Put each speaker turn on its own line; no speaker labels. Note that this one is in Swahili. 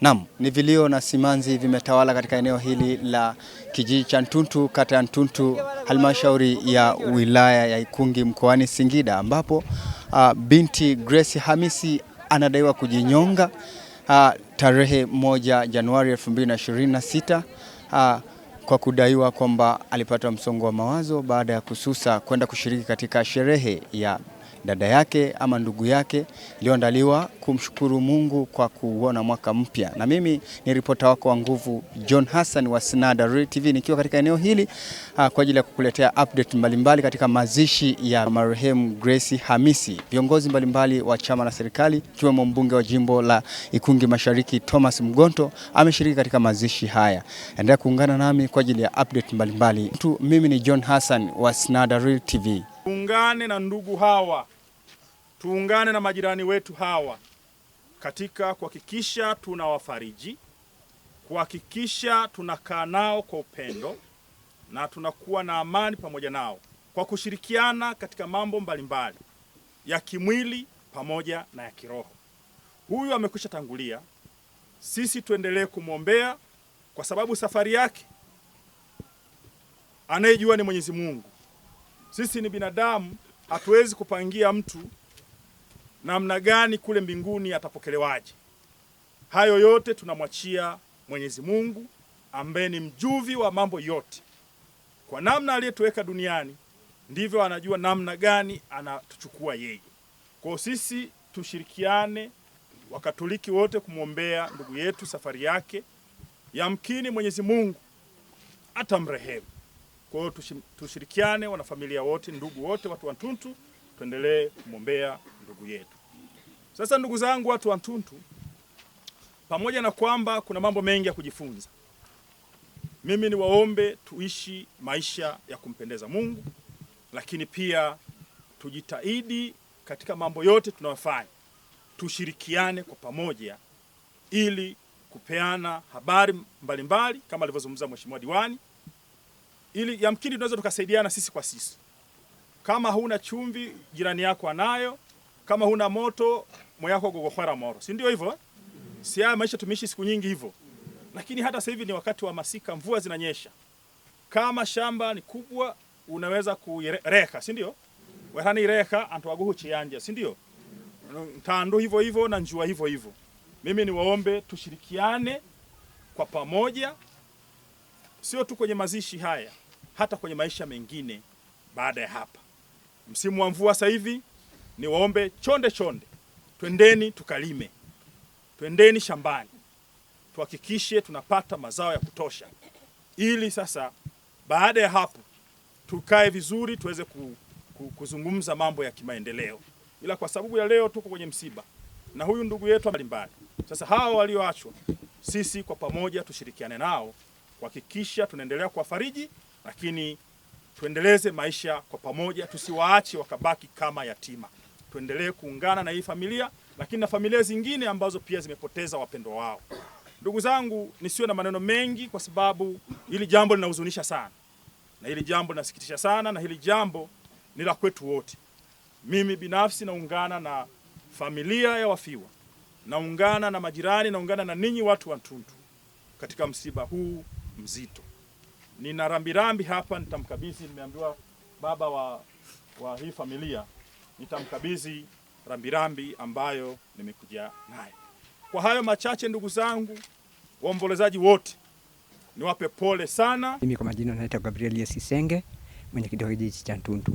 Naam, ni vilio na simanzi vimetawala katika eneo hili la kijiji cha Ntuntu, kata ya Ntuntu, halmashauri ya wilaya ya Ikungi mkoani Singida, ambapo uh, binti Grace Hamisi anadaiwa kujinyonga uh, tarehe moja Januari 2026 ha, ah, kwa kudaiwa kwamba alipata msongo wa mawazo baada ya kususa kwenda kushiriki katika sherehe ya dada yake ama ndugu yake iliyoandaliwa kumshukuru Mungu kwa kuuona mwaka mpya. Na mimi ni ripota wako wa nguvu John Hassan wa Snada TV nikiwa katika eneo hili aa, ah, kwa ajili ya kukuletea update mbalimbali mbali katika mazishi ya marehemu Grace Hamisi. Viongozi mbalimbali wa chama na serikali ikiwemo mbunge wa jimbo la Ikungi Mashariki Thomas Mgonto ameshiriki katika mazishi haya. Endelea kuungana nami kwa ajili ya update mbalimbali mbali. Mimi ni John Hassan wa Real TV.
Ungane na ndugu hawa tuungane na majirani wetu hawa katika kuhakikisha tunawafariji, kuhakikisha tunakaa nao kwa upendo na tunakuwa na amani pamoja nao kwa kushirikiana katika mambo mbalimbali ya kimwili pamoja na ya kiroho. Huyu amekwisha tangulia, sisi tuendelee kumwombea kwa sababu safari yake anayejua ni Mwenyezi Mungu. Sisi ni binadamu, hatuwezi kupangia mtu namna gani kule mbinguni atapokelewaje. Hayo yote tunamwachia Mwenyezi Mungu ambaye ni mjuvi wa mambo yote. Kwa namna aliyetuweka duniani, ndivyo anajua namna gani anatuchukua yeye. Kwa sisi tushirikiane, Wakatoliki wote kumwombea ndugu yetu safari yake, yamkini Mwenyezi Mungu atamrehemu. Kwa hiyo tushirikiane, wanafamilia wote, ndugu wote, watu wa Ntuntu, tuendelee kumwombea ndugu yetu. Sasa ndugu zangu, watu wa Mtuntu, pamoja na kwamba kuna mambo mengi ya kujifunza, mimi niwaombe tuishi maisha ya kumpendeza Mungu, lakini pia tujitahidi katika mambo yote tunayofanya, tushirikiane kwa pamoja ili kupeana habari mbalimbali mbali, kama alivyozungumza mheshimiwa diwani, ili yamkini tunaweza tukasaidiana sisi kwa sisi. Kama huna chumvi, jirani yako anayo kama huna moto wako gogohwara moro, si ndio hivyo? Si haya maisha tumeishi siku nyingi hivyo, lakini hata sasa hivi ni wakati wa masika, mvua zinanyesha. Kama shamba ni kubwa, unaweza kureka, si ndio? werani reka antwaguhu chianja, si ndio? Ntando hivyo hivyo na njua hivyo hivyo. Mimi niwaombe tushirikiane kwa pamoja, sio tu kwenye mazishi haya, hata kwenye maisha mengine baada ya hapa. Msimu wa mvua sasa hivi niwaombe chonde chonde, twendeni tukalime, twendeni shambani, tuhakikishe tunapata mazao ya kutosha, ili sasa baada ya hapo tukae vizuri tuweze ku, ku, kuzungumza mambo ya kimaendeleo. Ila kwa sababu ya leo tuko kwenye msiba na huyu ndugu yetu mbalimbali, sasa hawa walioachwa, sisi kwa pamoja tushirikiane nao kuhakikisha tunaendelea kuwafariji, lakini tuendeleze maisha kwa pamoja, tusiwaache wakabaki kama yatima tuendelee kuungana na hii familia, lakini na familia zingine ambazo pia zimepoteza wapendwa wao. Ndugu zangu, nisiwe na maneno mengi, kwa sababu hili jambo linahuzunisha sana na hili jambo linasikitisha sana na hili jambo ni la kwetu wote. Mimi binafsi naungana na familia ya wafiwa, naungana na majirani, naungana na ninyi watu wa Ntuntu katika msiba huu mzito. Nina rambirambi hapa, nitamkabidhi, nimeambiwa baba wa, wa hii familia nitamkabidhi rambirambi ambayo nimekuja naye Kwa hayo machache, ndugu zangu waombolezaji wote, niwape pole sana. Mimi kwa majina naitwa Gabriel yesisenge mwenyekiti wa kijiji cha Ntundu.